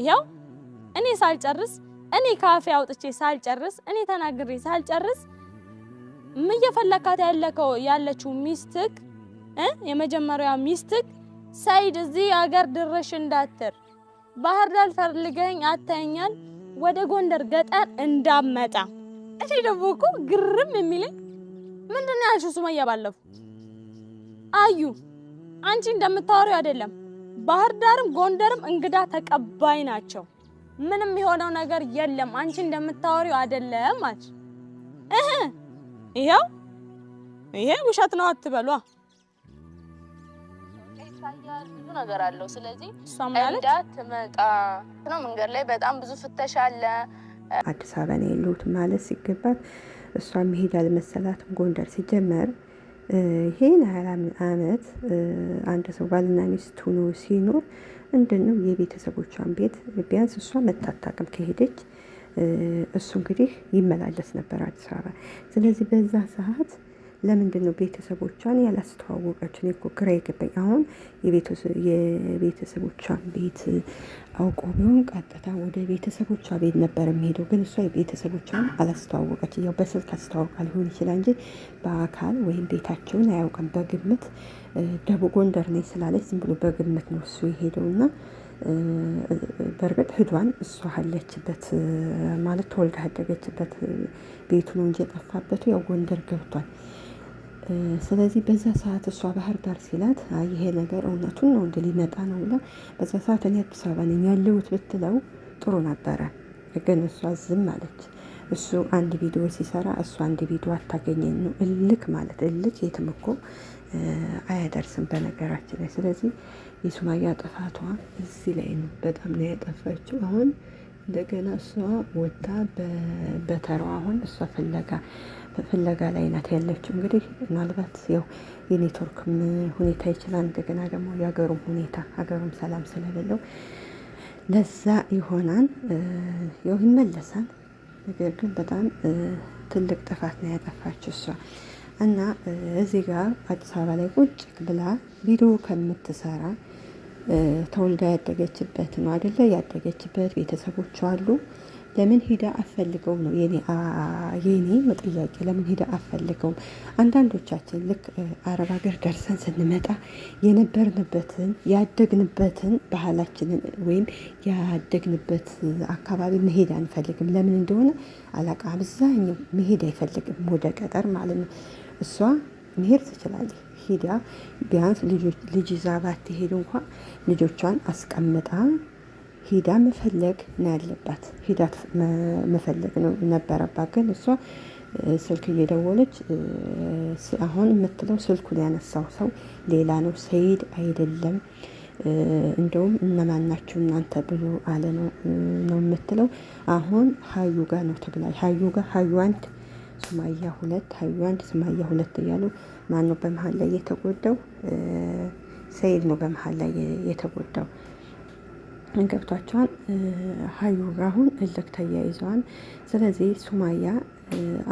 ይኸው እኔ ሳልጨርስ እኔ ካፌ አውጥቼ ሳልጨርስ እኔ ተናግሬ ሳልጨርስ እየፈለካት ያለከው ያለችው ሚስትክ የመጀመሪያው ሚስትክ ሰይድ እዚህ አገር ድርሽ እንዳትር ባህር ዳር ፈልገኝ አታኛል ወደ ጎንደር ገጠር እንዳመጣ። እሺ ደግሞ እኮ ግርም የሚለኝ ምንድነው ያልሽው ሱመያ? ባለፉ አዩ አንቺ እንደምታወሪው አይደለም ባህር ዳርም ጎንደርም እንግዳ ተቀባይ ናቸው። ምንም የሆነው ነገር የለም። አንቺ እንደምታወሪው አይደለም አልሽ እህ ይሄው ይሄ ውሸት ነው አትበሏ። ብዙ ነገር አለው። ስለዚህ እንዳ ትመጣ ነው መንገድ ላይ በጣም ብዙ ፍተሻ አለ። አዲስ አበባ ነው የሉት ማለት ሲገባት እሷ መሄድ አልመሰላትም ጎንደር ሲጀመር ይሄን ያህል አመት አንድ ሰው ባልና ሚስት ሆኖ ሲኖር ምንድን ነው የቤተሰቦቿን ቤት ቢያንስ እሷ መታታቅም ከሄደች እሱ እንግዲህ ይመላለስ ነበር አዲስ አበባ። ስለዚህ በዛ ሰዓት ለምንድን ነው ቤተሰቦቿን ያላስተዋወቀች? እኔ እኮ ግራ የገባኝ አሁን የቤተሰቦቿን ቤት አውቆ ቢሆን ቀጥታ ወደ ቤተሰቦቿ ቤት ነበር የሚሄደው። ግን እሷ የቤተሰቦቿን አላስተዋወቀች። ያው በስልክ አስተዋውቃ ሊሆን ይችላል እንጂ በአካል ወይም ቤታቸውን አያውቅም። በግምት ደቡብ ጎንደር ነኝ ስላለች ዝም ብሎ በግምት ነው እሱ የሄደው እና በእርግጥ ህዷን እሷ አለችበት ማለት ተወልዳ ያደገችበት ቤቱ ነው እንጂ የጠፋበት ያው ጎንደር ገብቷል። ስለዚህ በዛ ሰዓት እሷ ባህር ዳር ሲላት ይሄ ነገር እውነቱን ነው እንደ ሊመጣ ነው ብላ በዛ ሰዓት እኔ አዲስ አበባ ነኝ ያለሁት ብትለው ጥሩ ነበረ። ግን እሷ ዝም አለች። እሱ አንድ ቪዲዮ ሲሰራ እሱ አንድ ቪዲዮ አታገኘኝ ነው እልክ ማለት እልክ የትም እኮ አያደርስም በነገራችን ላይ። ስለዚህ የሱማያ ጥፋቷ እዚህ ላይ ነው። በጣም ነው ያጠፋችው አሁን እንደገና እሷ ወታ በተራዋ አሁን እሷ ፍለጋ ፍለጋ ላይ ናት ያለችው። እንግዲህ ምናልባት ያው የኔትወርክም ሁኔታ ይችላል። እንደገና ደግሞ የሀገሩም ሁኔታ ሀገሩም ሰላም ስለሌለው ለዛ ይሆናል። ያው ይመለሳል። ነገር ግን በጣም ትልቅ ጥፋት ነው ያጠፋችው እሷ እና እዚህ ጋር አዲስ አበባ ላይ ቁጭ ብላ ቪዲዮ ከምትሰራ ተወልዳ ያደገችበት ነው አደለ? ያደገችበት ቤተሰቦች አሉ። ለምን ሂዳ አፈልገው ነው የኔ ጥያቄ። ለምን ሂዳ አፈልገውም? አንዳንዶቻችን ልክ አረብ ሀገር ደርሰን ስንመጣ የነበርንበትን ያደግንበትን ባህላችንን ወይም ያደግንበት አካባቢ መሄድ አንፈልግም። ለምን እንደሆነ አላቃ። አብዛኛው መሄድ አይፈልግም ወደ ቀጠር ማለት ነው። እሷ መሄድ ትችላለች። ሂዳ ቢያንስ ልጅ ይዛ ባትሄድ እንኳ ልጆቿን አስቀምጣ ሂዳ መፈለግ ነው ያለባት። ሂዳ መፈለግ ነው ነበረባት። ግን እሷ ስልክ እየደወለች አሁን የምትለው ስልኩን ያነሳው ሰው ሌላ ነው፣ ሰይድ አይደለም። እንደውም እነማን ናችሁ እናንተ ብሎ አለ ነው ነው የምትለው። አሁን ሀዩ ጋር ነው ተግላይ ሀዩ ጋር ሀዩ አንድ ሱማያ ሁለት ሀዩ አንድ ሱማያ ሁለት እያሉ ማን ነው በመሀል ላይ የተጎዳው? ሰይድ ነው በመሀል ላይ የተጎዳው። ገብቷቸዋል። ሀዩ አሁን እልክ ተያይዘዋል። ስለዚህ ሱማያ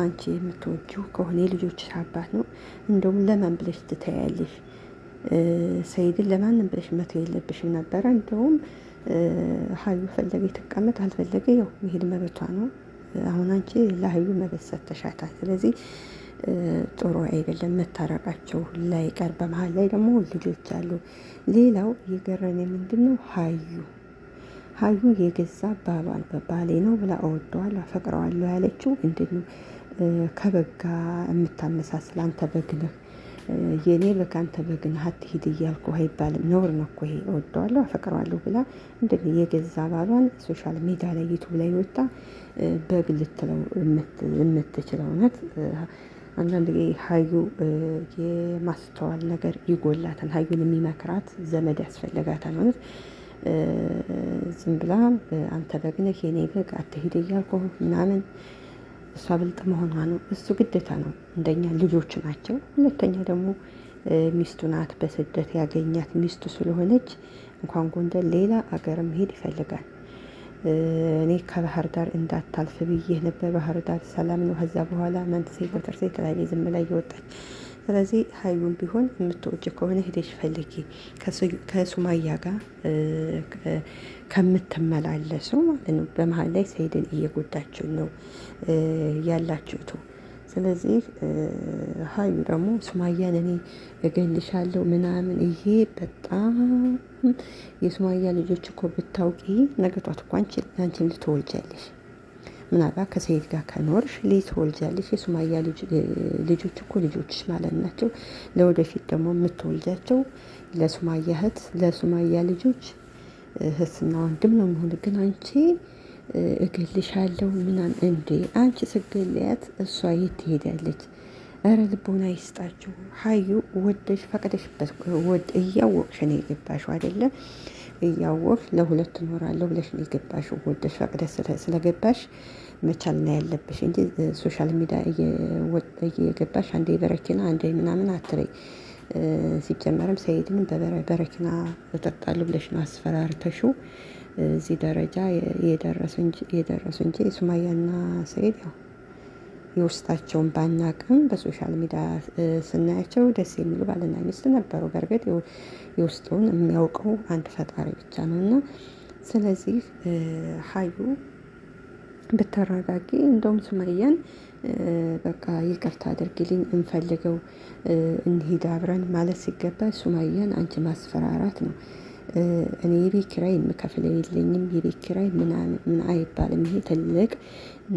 አንቺ የምትወጂው ከሆነ የልጆች አባት ነው። እንደውም ለማን ብለሽ ትተያለሽ? ሰይድን ለማንም ብለሽ መቶ የለብሽም ነበረ። እንደውም ሀዩ ፈለገ የተቀመጥ አልፈለገ ያው መሄድ መብቷ ነው። አሁን አንቺ ለሀዩ መብት ሰጥተሻታል። ስለዚህ ጥሩ አይደለም መታረቃቸው ላይቀር በመሀል ላይ ደግሞ ልጆች አሉ። ሌላው የገረመ ምንድነው ሀዩ ሀዩ የገዛ ባሏን በባሌ ነው ብላ እወደዋለሁ አፈቅረዋለሁ ያለችው እንዴት ከበጋ የምታመሳስል አንተ በግ ነህ የኔ በግ አንተ በግ ነህ አትሂድ እያልኩ አይባልም ነውር ነው እኮ ይሄ እወደዋለሁ አፈቅረዋለሁ ብላ እንዴት የገዛ ባሏን ሶሻል ሚዲያ ላይ ዩቱብ ላይ ወጣ በግ ልትለው የምትችለው እውነት አንዳንድ ጊዜ ሀዩ የማስተዋል ነገር ይጎላታል። ሀዩን የሚመክራት ዘመድ ያስፈልጋታል ማለት ዝም ብላ አንተ በግ ነህ የኔ በግ አትሄድ እያልኩ ምናምን እሷ ብልጥ መሆኗ ነው። እሱ ግዴታ ነው። እንደኛ ልጆች ናቸው። ሁለተኛ ደግሞ ሚስቱ ናት። በስደት ያገኛት ሚስቱ ስለሆነች እንኳን ጎንደር ሌላ አገር መሄድ ይፈልጋል። እኔ ከባህር ዳር እንዳታልፍ ብዬ ነበር። ባህር ዳር ሰላም ነው። ከዛ በኋላ መንሴ ቁጥር የተለያየ ዝም ላይ እየወጣች ስለዚህ ሀዩም ቢሆን የምትወጅ ከሆነ ሄደሽ ፈልጊ ከሱማያ ጋር ከምትመላለሱ ማለት ነው። በመሀል ላይ ሰይድን እየጎዳችሁ ነው ያላችሁት። ስለዚህ ሀዩ ደግሞ ሱማያን እኔ እገልሻለሁ ምናምን ይሄ በጣም የሱማያ ልጆች እኮ ብታውቂ ነገጧት እኮ አንቺን ልትወልጃለሽ ምናልባት ከሰይድ ጋር ከኖርሽ ልትወልጃለሽ። የሱማያ ልጆች እኮ ልጆችሽ ማለት ናቸው። ለወደፊት ደግሞ የምትወልጃቸው ለሱማያ እህት ለሱማያ ልጆች እህትና ወንድም ነው መሆን ግን አንቺ እገልሻለሁ ምናም እንዴ አንቺ ስገለያት እሷ የት ትሄዳለች? እረ ልቦና ይስጣችሁ። ሀዩ ወደሽ ፈቅደሽበት ወድ እያወቅሽ ነው የገባሽው አይደለ? እያወቅሽ ለሁለት እኖራለሁ ብለሽ ነው የገባሽው። ወደሽ ፈቅደሽ ስለገባሽ መቻል ነው ያለብሽ እንጂ ሶሻል ሚዲያ እየገባሽ አንዴ በረኪና አንዴ ምናምን አትረይ። ሲጀመርም ሰይድንም በበረኪና እጠጣለሁ ብለሽ ነው አስፈራርተሽው እዚህ ደረጃ የደረሱ እንጂ ሱማያና ሰኢድ ያው የውስጣቸውን ባናቅም በሶሻል ሚዲያ ስናያቸው ደስ የሚሉ ባልና ሚስት ነበሩ። በእርግጥ የውስጡን የሚያውቀው አንድ ፈጣሪ ብቻ ነው እና ስለዚህ ሀዩ ብተረጋጊ፣ እንደውም ሱማያን በቃ ይቅርታ አድርጊልኝ፣ እንፈልገው እንሂድ አብረን ማለት ሲገባ ሱማያን አንቺ ማስፈራራት ነው። እኔ የቤት ኪራይ የምከፍለው የለኝም የቤት ኪራይ ምን አይባልም። ይሄ ትልቅ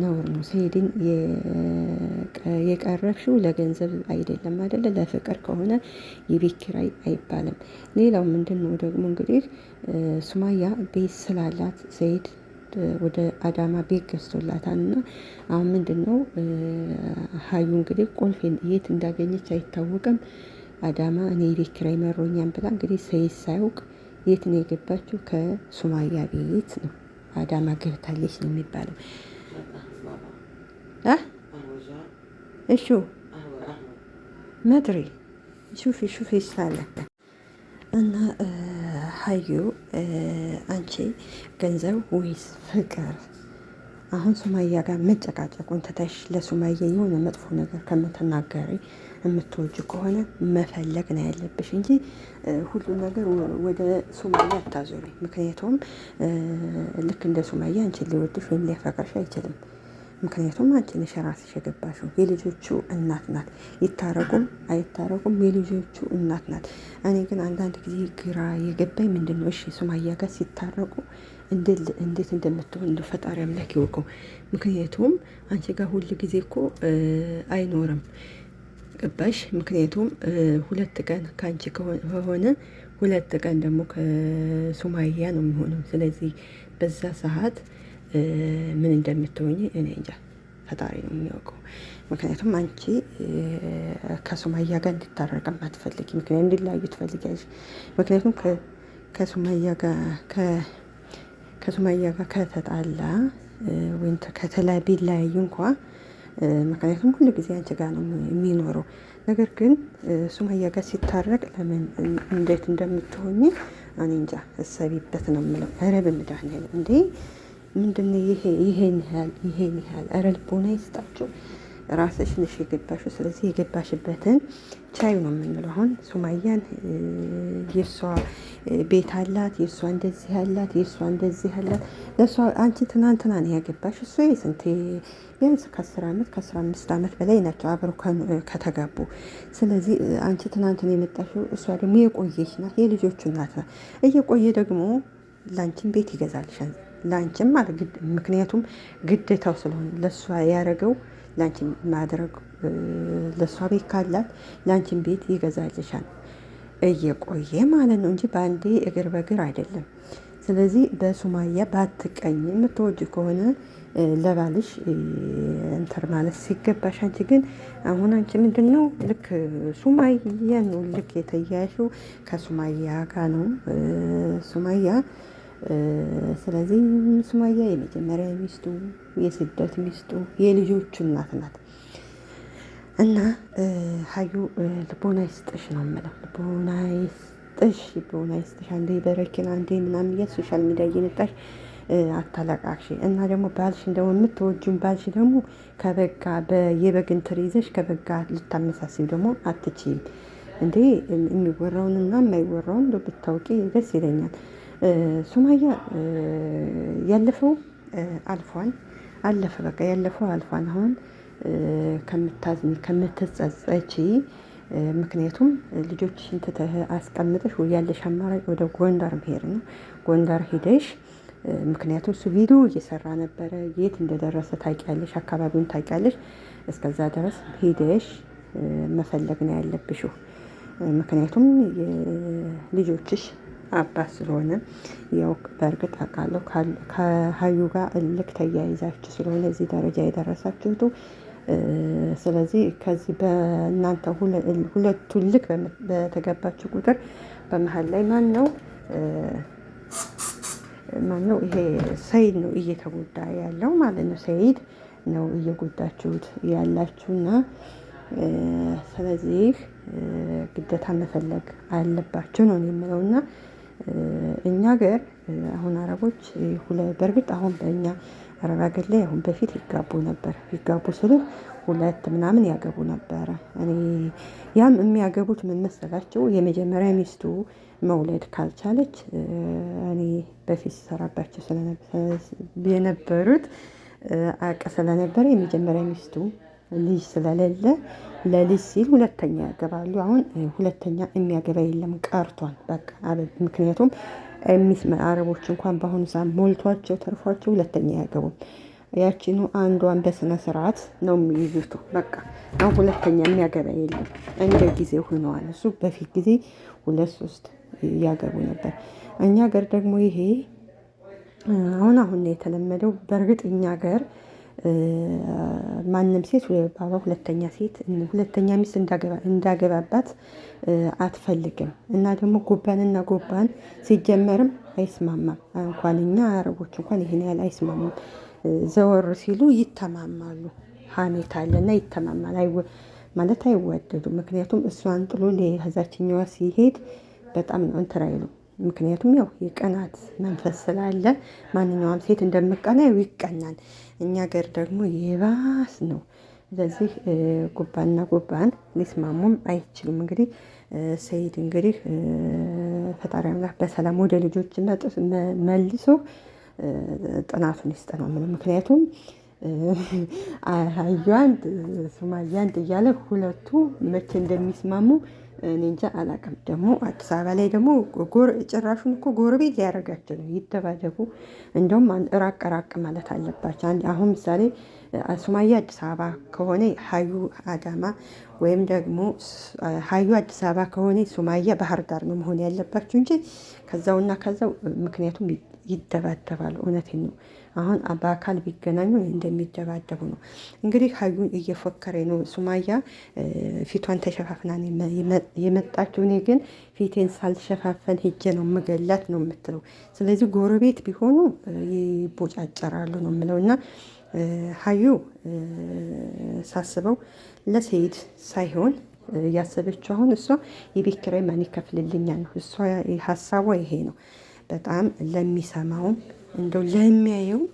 ነውር ነው። ስሄድን የቀረብሽው ለገንዘብ አይደለም አይደለ ለፍቅር ከሆነ የቤት ኪራይ አይባልም። ሌላው ምንድን ነው ደግሞ እንግዲህ ሱማያ ቤት ስላላት ሰይድ ወደ አዳማ ቤት ገዝቶላታል እና አሁን ምንድን ነው ሀዩ እንግዲህ ቁልፍ የት እንዳገኘች አይታወቅም። አዳማ እኔ የቤት ኪራይ ብላ እንግዲህ ሰይድ ሳያውቅ የት ነው የገባችው? ከሱማያ ቤት ነው አዳማ ገብታለች ነው የሚባለው። እሹ መድሪ ሹፊ ሹፊ ይስላለ እና ሀዩ አንቺ ገንዘብ ወይስ ፍቅር አሁን ሱማያ ጋር መጨቃጨቁን ትተሽ ለሱማያ የሆነ መጥፎ ነገር ከምትናገሪ የምትወጅ ከሆነ መፈለግ ነው ያለብሽ እንጂ ሁሉም ነገር ወደ ሱማያ አታዞሪ። ምክንያቱም ልክ እንደ ሱማያ አንቺን ሊወድሽ ወይም ሊያፈቅርሽ አይችልም። ምክንያቱም አንቺ ነሽ ራስሽ የገባሽው። የልጆቹ እናት ናት። ይታረቁም አይታረቁም የልጆቹ እናት ናት። እኔ ግን አንዳንድ ጊዜ ግራ የገባኝ ምንድን ነው እሺ ሱማያ ጋር ሲታረቁ እንዴት እንደምትሆን እንደ ፈጣሪ አምላክ ይወቀው። ምክንያቱም አንቺ ጋር ሁል ጊዜ እኮ አይኖርም። ገባሽ? ምክንያቱም ሁለት ቀን ከአንቺ ከሆነ ሁለት ቀን ደግሞ ከሱማያ ነው የሚሆነው። ስለዚህ በዛ ሰዓት ምን እንደምትሆኝ እኔ እንጃ፣ ፈጣሪ ነው የሚያውቀው። ምክንያቱም አንቺ ከሱማያ ጋር እንድታረቅም አትፈልጊ፣ ምክንያቱም እንድላዩ ትፈልጊያለሽ። ምክንያቱም ከሱማያ ጋር ከሱማያ ጋር ከተጣላ ወይም ከተላ ቢለያዩ እንኳ ምክንያቱም ሁሉ ጊዜ አንቺ ጋር ነው የሚኖረው። ነገር ግን ሱማያ ጋር ሲታረቅ ለምን እንዴት እንደምትሆኝ እኔ እንጃ፣ እሰቢበት ነው የምለው። ኧረ በመድኃኒዓለም እንዴ! ምንድን ይሄን ያህል ይሄን ያህል ኧረ ልቦና ይስጣችሁ። ራስሽ ነሽ የገባሽው። ስለዚህ የገባሽበትን ቻዩ ነው የምንለው። አሁን ሱማያን የእሷ ቤት አላት፣ የእሷ እንደዚህ አላት፣ የእሷ እንደዚህ አላት። ለእሷ አንቺ ትናንትና ነው ያገባሽ። እሱ ስንቴ ቢያንስ ከአስር አመት ከአስራ አምስት አመት በላይ ናቸው አብረው ከተጋቡ። ስለዚህ አንቺ ትናንት ነው የመጣሽው እሷ ደግሞ የቆየች ናት፣ የልጆቹ እናት ናት። እየቆየ ደግሞ ለአንቺን ቤት ይገዛልሻል። ለአንቺም አለ ምክንያቱም ግዴታው ስለሆነ ለእሷ ያደረገው ለአንቺን ማድረግ ለእሷ ቤት ካላት ለአንቺን ቤት ይገዛልሻል። እየቆየ ማለት ነው እንጂ በአንዴ እግር በእግር አይደለም። ስለዚህ በሱማያ ባትቀኝ የምትወጅ ከሆነ ለባልሽ እንትር ማለት ሲገባሽ፣ አንቺ ግን አሁን አንቺ ምንድን ነው ልክ ሱማያ ነው ልክ የተያያሽው ከሱማያ ጋር ነው ሱማያ ስለዚህ ሱማያ የመጀመሪያ ሚስቱ፣ የስደት ሚስቱ፣ የልጆቹ እናት ናት እና ሀዩ ልቦና ይስጥሽ ነው የምለው። ልቦና ይስጥሽ፣ ልቦና ይስጥሽ። አንዴ በረኪና አንዴ ምናምን እያ ሶሻል ሚዲያ እየነጣሽ አታለቃቅሽ እና ደግሞ ባልሽ እንደሞ የምትወጁን ባልሽ ደግሞ ከበጋ የበግ እንትን ይዘሽ ከበጋ ልታመሳስብ ደግሞ አትችይም እንዴ። የሚወራውንና የማይወራውን ብታውቂ ደስ ይለኛል። ሱማያ ያለፈው አልፏል፣ አለፈ በቃ ያለፈው አልፏል። አሁን ከምታዝኝ ከምትጸጸቺ፣ ምክንያቱም ልጆችሽን ትተህ አስቀምጠሽ ያለሽ አማራጭ ወደ ጎንደር መሄድ ነው። ጎንደር ሂደሽ ምክንያቱም እሱ ቪዲዮ እየሰራ ነበረ። የት እንደደረሰ ታውቂያለሽ፣ አካባቢውን ታውቂያለሽ። እስከዛ ድረስ ሂደሽ መፈለግ ነው ያለብሽው። ምክንያቱም ልጆችሽ አባት ስለሆነ ያው በእርግጥ አውቃለሁ ከሀዩ ጋር እልክ ተያይዛችሁ ስለሆነ እዚህ ደረጃ የደረሳችሁቱ። ስለዚህ ከዚህ በእናንተ ሁለቱ እልክ በተገባችሁ ቁጥር በመሀል ላይ ማን ነው ማን ነው? ይሄ ሰይድ ነው እየተጎዳ ያለው ማለት ነው። ሰይድ ነው እየጎዳችሁት ያላችሁና ስለዚህ ግዴታ መፈለግ አለባቸው ነው የምለውና እኛ ገር አሁን አረቦች በእርግጥ አሁን በእኛ አረብ ሀገር ላይ አሁን በፊት ይጋቡ ነበር። ይጋቡ ስሉ ሁለት ምናምን ያገቡ ነበረ። እኔ ያም የሚያገቡት ምን መሰላቸው? የመጀመሪያ ሚስቱ መውለድ ካልቻለች እኔ በፊት ስሰራባቸው የነበሩት አቅ ስለነበረ የመጀመሪያ ሚስቱ ልጅ ስለሌለ ለልጅ ሲል ሁለተኛ ያገባሉ። አሁን ሁለተኛ የሚያገባ የለም ቀርቷል። በቃ ምክንያቱም አረቦች እንኳን በአሁኑ ሰዓት ሞልቷቸው ተርፏቸው ሁለተኛ ያገቡም ያችኑ አንዷን በስነ ስርዓት ነው የሚይዙት። በቃ አሁን ሁለተኛ የሚያገባ የለም እንደ ጊዜ ሆነዋል። እሱ በፊት ጊዜ ሁለት ሶስት ያገቡ ነበር። እኛ ገር ደግሞ ይሄ አሁን አሁን የተለመደው። በእርግጥ እኛ ገር ማንም ሴት ወይ ባሏ ሁለተኛ ሴት ሁለተኛ ሚስት እንዳገባባት አትፈልግም። እና ደግሞ ጉባንና ጉባን ሲጀመርም አይስማማም። እንኳን እኛ አረቦች እንኳን ይህን ያህል አይስማማም። ዘወር ሲሉ ይተማማሉ። ሀሜት አለና ይተማማል ማለት አይወደዱ። ምክንያቱም እሷን ጥሎ ለዛችኛዋ ሲሄድ በጣም ነው እንትን አይሉም ምክንያቱም ያው የቀናት መንፈስ ስላለ ማንኛውም ሴት እንደምቀና ይቀናል። እኛ ገር ደግሞ የባስ ነው። ስለዚህ ጉባና ጉባን ሊስማሙም አይችልም። እንግዲህ ሰይድ እንግዲህ ፈጣሪ አምላክ በሰላም ወደ ልጆች መልሶ ጥናቱን ይስጠናል። ምክንያቱም አህያን ሱማያን እያለ ሁለቱ መቼ እንደሚስማሙ እኔ እንጃ አላውቅም። ደግሞ አዲስ አበባ ላይ ደግሞ ጭራሹን እኮ ጎረቤት ያደረጋቸው ነው። ይደባደቡ። እንደውም ራቅ ራቅ ማለት አለባቸው። አሁን ምሳሌ ሱማያ አዲስ አበባ ከሆነ ሀዩ አዳማ ወይም ደግሞ ሀዩ አዲስ አበባ ከሆነ ሱማያ ባህር ዳር ነው መሆን ያለባችሁ እንጂ ከዛውና ከዛው ምክንያቱም ይደባደባሉ። እውነቴን ነው። አሁን በአካል ቢገናኙ እንደሚደባደቡ ነው። እንግዲህ ሀዩን እየፎከረ ነው። ሱማያ ፊቷን ተሸፋፍና የመጣችው እኔ ግን ፊቴን ሳልሸፋፈን ሄጄ ነው መገላት ነው የምትለው። ስለዚህ ጎረቤት ቢሆኑ ይቦጫጨራሉ ነው የምለው እና ሀዩ ሳስበው ለሰኢድ ሳይሆን ያሰበችው አሁን እሷ የቤት ኪራይ ማን ይከፍልልኛል ነው እሷ ሀሳቧ ይሄ ነው። በጣም ለሚሰማውም እንደው ለሚያየውም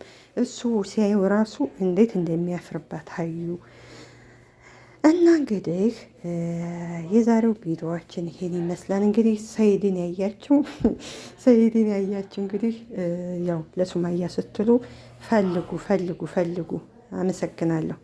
እሱ ሲያየው ራሱ እንዴት እንደሚያፍርባት ሀዩ እና እንግዲህ የዛሬው ቪዲዮዋችን ይሄን ይመስላል። እንግዲህ ሰይድን ያያችው ሰይድን ያያችው እንግዲህ ያው ለሱማያ ስትሉ ፈልጉ ፈልጉ ፈልጉ። አመሰግናለሁ።